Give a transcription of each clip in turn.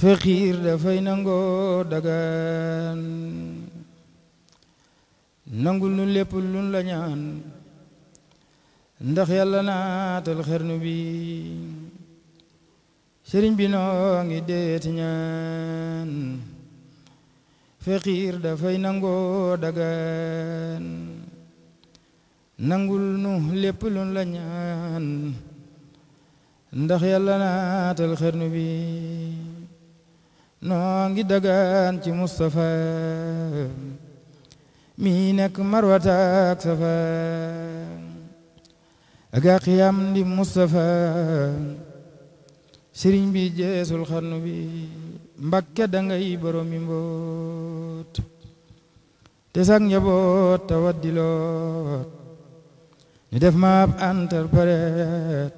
faqiir dafay nangoo dagaan nangul nu lépp lun la ñaan ndax yàlla naatal xarnu bi sëriñ bi noo ngi deeti ñaan faqiir dafay nangoo dagaan nangul nu lépp lun la ñaan ndax yàlla naatal xarnu bi noo ngi dagaan ci Moustapha mi nekk marwata aga xiyam di Moustapha sëriñ bi jeesul xarnu bi mbakke dangay boromi mboot te sag njaboot tawat di loot ñu def ma antar paret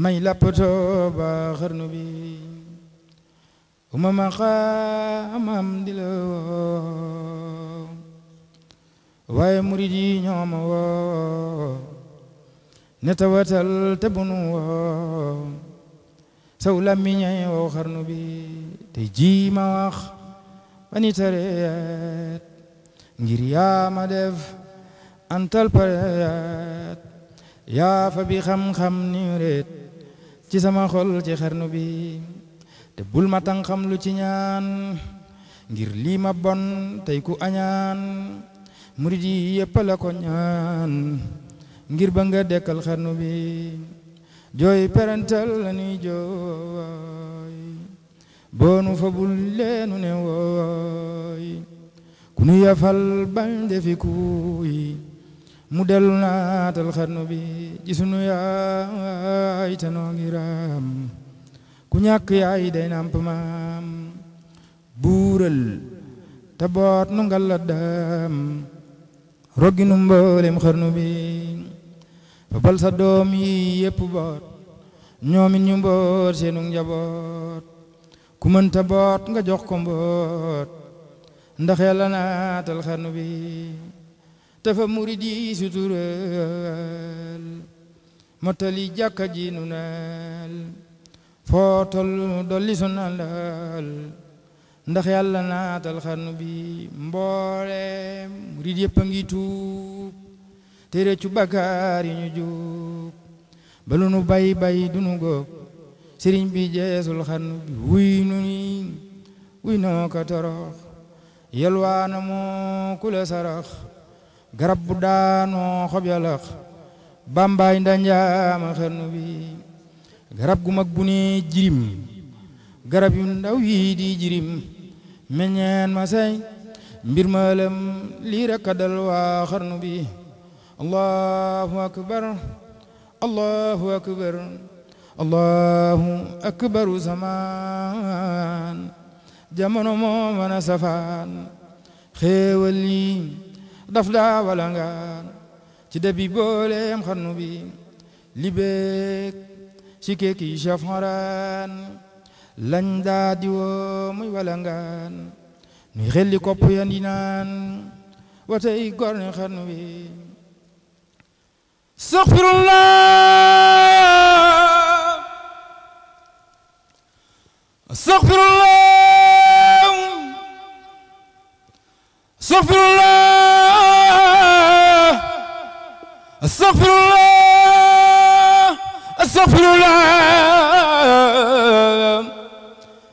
may lappatoo ba xarnu bi وما مقام حمد لو واي مريدي نيوم و نتواتل تبنو سولا ميني وخرن بي تجي ما واخ فني تريت ngir yaa ma def antal pareet yaa fa bi xam-xam ni réet ci sama xol ci xarnu bi te bul ma tan xam lu ci ñaan ngir lii ma bon tey ku añaan murid yi yëpp ko ñaan ngir ba nga dekkal xarnu bi jooy perental la nuy jooy boonu fa bul leenu ne wooy ku nu yafal bañ kuy mu dellu naatal xarnu bi ji sunu yaay te noo ku ñàkk yaay day nàmp maam buural te boot nu ngal la roggi nu mboolem xarnu bi fabal sa doom yi yépp boot ñoomit ñu mboot seenu njaboot ku mënta boot nga jox ko mboot ndax yàlla naatal xarnu bi te fa murid yi sutural mottali jàkka ji nu foo tol dolli sunal daal ndax yàlla naatal xarnu bi mboole murid yëpp a ngi tuub te réccu bakkaar yi ñu jub balu nu bay du nu góob sëriñ bi jeesul xarnu bi wuy nu ni wuy noo ko torox yalwaana moo kula garab bu daanoo xob yalax bambaay ndanjaama xarnu bi garab gu mag bu jirim garab yu ndaw yi di jirim meññeen ma mbir ma lëm lii rekk a dal waa bi allahu akbar allahu akbar allahu akbaru zamaan jamono moo mën a safaan xéewal yi daf daa walangaan ci debi booleem xarnu bi li beek ci keeki jafran lañ daa di woo muy walangaan nuy xelli kopp yan di naan watay gor ni xarnu wi astaghfirullah astaghfirullah astaghfirullah astaghfirullah astaghfirullah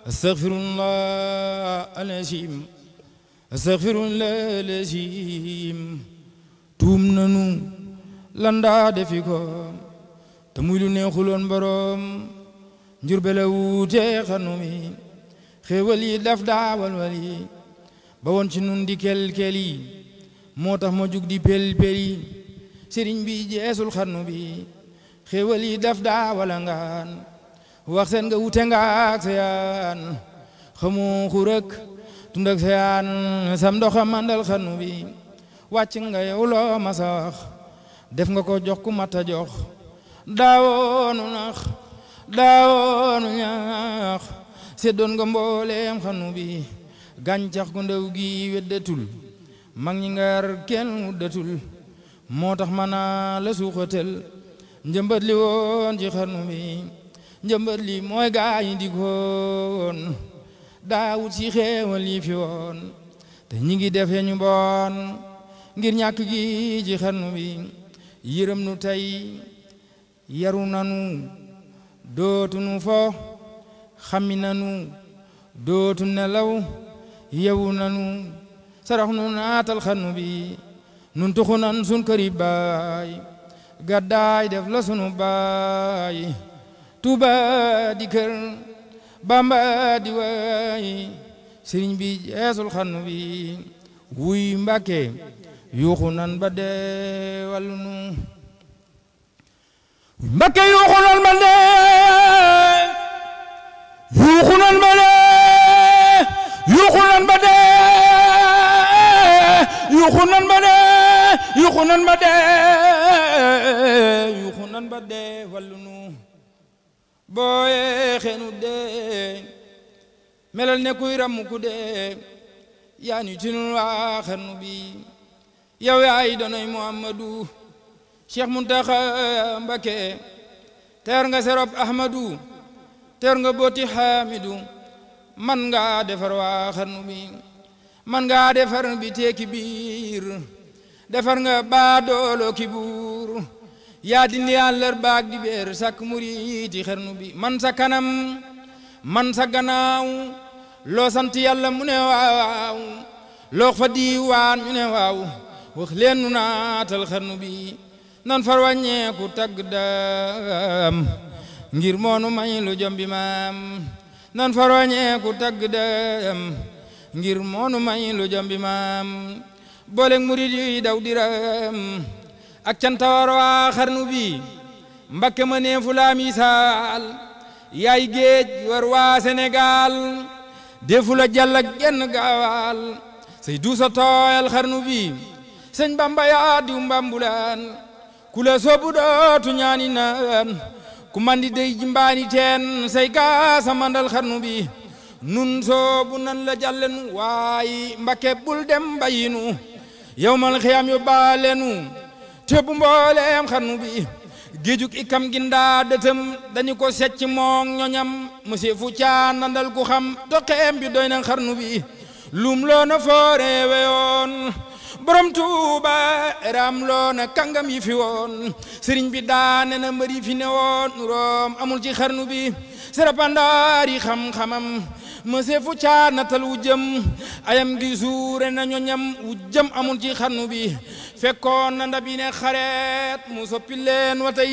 astaghfirullah alazim astaghfirullah alazim tuum nanu landaa defi ko te muy lu neexuloon boroom njurbele wuutee xanu mi xéewal yi daf daawal wali ba woon ci nun di kel-kel yi moo tax ma jug di pel-pel yi sëriñ bi jeesul xanu bi xéewal yi daf daa wala nga wute ngaak seyaan xamu xurëk tundak seyaan sam ndoxa mandal xanu bi wàcc nga yow loo ma def nga ko jox ku mat a jox daawoonu nax daawoonu ñax seddoon nga mbooleem xanu bi gàncax gu ndaw gi weddatul mag ñi ngar wuddatul moo tax mana la suuxatal njëmbat li woon ci xarnu bi njëmbat li mooy gaa yi digoon daawut ci xéewal yi woon te ñi ngi defe ñu bon ngir ñàkk gi ci xarnu bi yërëm nu tey yaru nanu dootunu fo xami nanu dootu nelaw yewu nanu sarax nu naatal xarnu bi nun tuxu nan sun kër yi gàddaay def la sunu baay Tuuba di kër Bamba di waay sëriñ bi jeesul xanu bi wuy Mbàkke yuuxu nan ba deewal nu Mbàkke yuuxu nan nan ba dee yuuxu nan ba dee yuuxu nan ba dee yuuxu nan ba dee yuuxu nan ba dee wallu nu booyee xeenu dee kuy ràmm ku dee yaa ñu ci nun waa xarnu bi yow yaay donoy muhammadu cheikh muntaxa mbake teer nga serop ahmadu teer nga booti xaamidu man nga defar bi man nga defar bi teeki biir defar nga baadoolo ki buur yaa dindi àllar baag di beer sàkk muriiti xernu bi man sa kanam man sa gannaaw loo sant yàlla mu ne waaw loox fa diiwaan ñu ne waaw wax leen nu naatal xernu bi nan far wàññeeku tagg daam ngir moonu may lu jombi maam nan far wàññeeku tagg daam ngir moonu may lu jombi maam boole murid yuy daw diram ak cantawar waa xarnu bi mbakke ma nee misaal yaay géej war waa Sénégal defu la jàll ak genn duusa tooyal xarnu bi sëñ Bamba yaa diw mbambulaan ku la soobu dootu ñaani naan ku mandi dey jimbaani teen say gaasa mandal xarnu nun soobu nan la jàllenu waaye mbakke bul dem bayinu yowmal xiyaam yu baalenu te bu mbooleem xarnu bi géejug ikam gi ndaa dëtëm dañu ko secc moog ñoñam monsieur fu caa nandal ku xam doxeem bi doy na xarnu bi lum loona foore weyoon borom tuuba raam loona kàngam yi fi woon sëriñ bi daane na mbëri fi ne woon amul ci xarnu bi sarapandaar xam-xamam mëse fu caa natal wu ayam gi suure nañu ñam wu jëm amul ci xarnu bi fekkoon na ndab yi mu soppi leen wa tey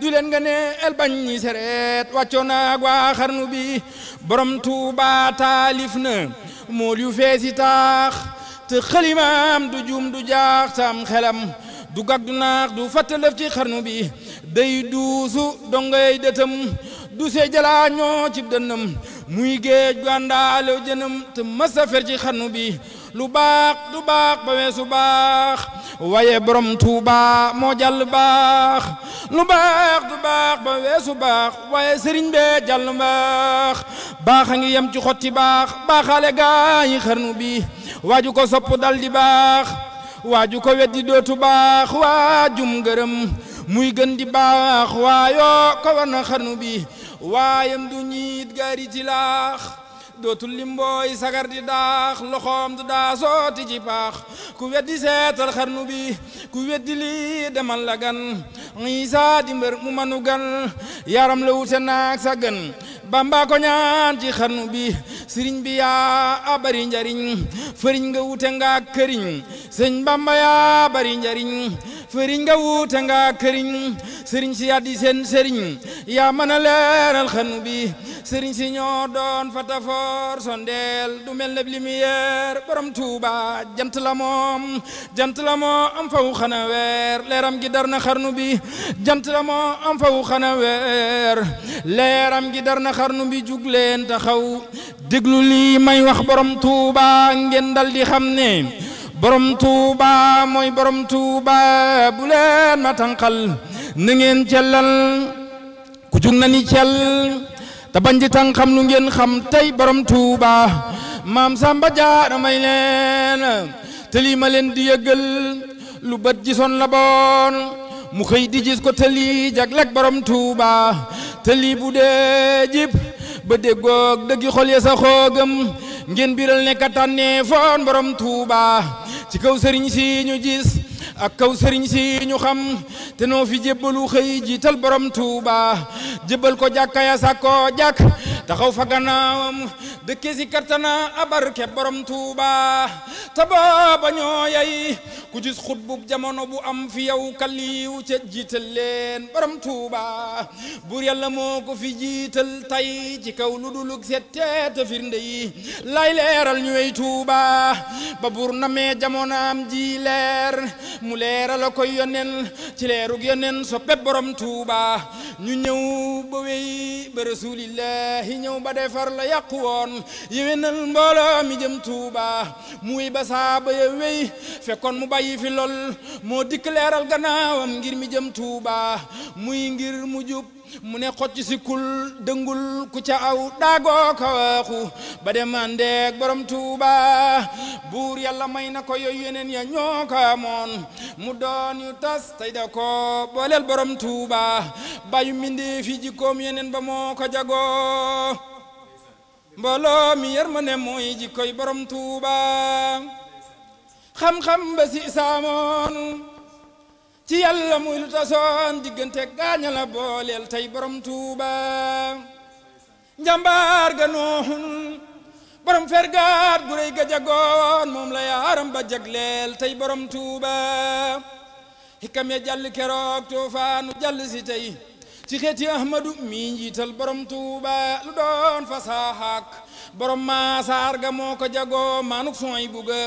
du leen nga ne el bañ ñi sareet wàccoo naag xarnu bi borom tuuba taalif na mool yu feesi taax te xalimaam du juum du jaax tam xelam du gag du naax du fàttalëf ci xarnu bi day duusu dongay dëtam du see jalaa cib dënnam muy géej gu àndaalew jënam te mës a fer ci xanu bi lu baax du baax ba weesu baax waaye borom tu tuuba moo jàll baax lu baax du baax ba weesu baax waaye sëriñ bee jàll baax baax a ngi yem ci xotti baax baaxaale gaañi xarnu bi ju ko sopp dal di baax waaju ko weddi dootu baax waajum gërëm muy gën di baax waayoo ko war na bi waayam du ñiit gari ci laax dootul limbooy sagar di daax loxoom du daa sooti ci paax ku weddi seetal xarnu bi ku weddi lii demal la gan isa di mbër mu manu gan yaram la wute naag sa gën bamba ko ñaan ci xarnu bi sëriñ bi yaa a bari njariñ fëriñ nga wute nga këriñ sëñ bamba yaa bari njariñ fëriñ nga wuute nga këriñ sëriñ si yaa di sëriñ yaa mën leeral xanu bi sëriñ si ñoo doon fatafoor sondeel du mel ne lumière borom tuuba jant la moom jant la moo am faw xana gi dar na xarnu bi jant la moo xana weer leeram gi dar na xarnu bi jug leen taxaw déglu lii may wax borom tuuba ngeen dal di xam ne borom tuuba mooy borom tuuba bu leen ma tànqal na ngeen cellal ku jug na ni cell te bañ di tànqam lu ngeen xam tey borom tuuba maam Samba Jaara may leen te lii ma leen di yëgal lu bët gisoon la boon mu xëy di gis ko te lii jaglek borom tuuba te lii bu dee jib ba déggoog dëggi xol ya sa xoogam ngeen biral ne ka borom tuuba ci kaw sëriñ si ñu gis ak kaw sëriñ si ñu xam te noo fi jébbalu xëy jiital borom Tuuba jébbal ko jàkka ya sàkkoo jàkk taxaw fa gannaawam dëkke si kartana abarke borom tuuba te booba ñoo yay ku gis xutbub jamono bu am fi yow kalliwu ca jiital borom tuuba buur yàlla moo ko fi jiital tay ci kaw lu dulug settee te firnde lay leeral ñu wey tuuba ba buur namee jamonaam ji leer mu leeral a koy yonen ci leerug yonen soppe borom tuuba ñu ñëw ba wey ba rasulillahi fi ñëw ba defar la yàqu woon yéwénal mbooloo mi jëm tuuba muy ba saa ba ya wéy fekkoon mu bàyyi fi lool moo dikk leeral gannaawam ngir mi jëm tuuba muy ngir mu jub mu ne xocc si dëngul ku ca aw daagoo ka waaxu ba dem àndeeg borom tuuba buur yàlla may na ko yooyu yeneen ya ñoo ko amoon mu doon yu tas tey da ko booleel borom tuuba bayu mindee fi jikkoom yeneen ba moo ko jagoo mi yar ma ne mooy jikkoy borom tuuba xam-xam ba si saamoon ci yàlla muy lu tasoon diggante gaaña la booleel tey borom tuuba njambaar ga nooxun borom fergaat gu réy ga jagoon moom la yaaram ba jagleel tey borom tuuba hikam ya jàll keroog toofaanu jàll si tey ci xeeti ahmadu mi njiital borom tuuba lu doon fasaaxaak borom maasaar ga moo ko jagoo maanuk sooy buga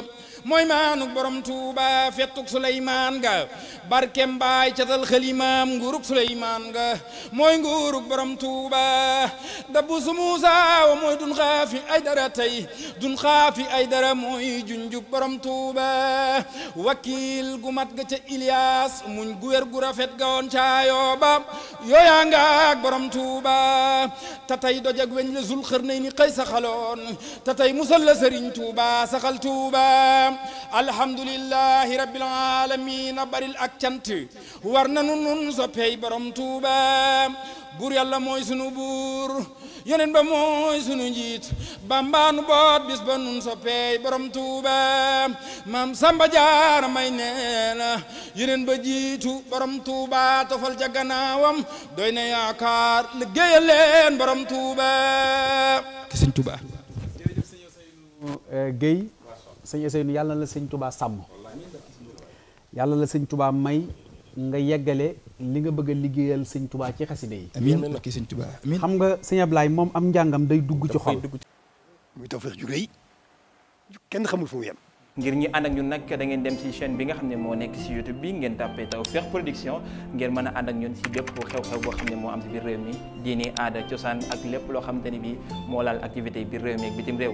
mooy maanuk borom tuuba fettuk suleymaan ga barkem baay catal xalimaam nguuruk suleymaan ga mooy nguuruk borom tuuba dabbu su muusa wa mooy dun xaafi ay dara tey dun xaafi ay dara mooy junjub borom tuuba wakiil gu mat ga ca ilias muñ gu wér gu rafet ga woon caayoo ba yooyaa nga ak borom tuuba ta tey dojag weñ la zul xërnay ni xëy saxaloon ta tey musal la sëriñ tuuba saxal tuuba alhamdulillahi rabbil alamin baril ak cant war nanu nun soppey tuuba buur yàlla mooy sunu buur yoneen ba mooy sunu njiit bambaanu boot bis ba nun soppey borom tuuba maam samba jaara may neena ba jiitu borom tuuba tofal ca gannaawam doy na yaakaar liggéeyal leen tuuba ki tuuba jërëjëf sëñ Ousseynou yàlla la sëñ tubaa sàmm yàlla la sëñ tubaa may nga yeggale li nga bëgg liggéeyal sëñ tubaa ci xaside yi amiin barke sëñ tubaa amiin xam nga sëñ Ablaye moom am njàngam day dugg ci xol muy tawfeex ju rëy kenn xamul fu mu yem ngir ñu ànd ak ñun nag da ngeen dem ci chaîne bi nga xam ne moo nekk ci YouTube bi ngeen tàppee Tawfekh Production ngeen mën a ànd ak ñun ci bépp xew-xew boo xam ne moo am ci biir réew mi diini aada cosaan ak lépp loo xamante ni bi moo laal activité biir réew mi ak bitim réew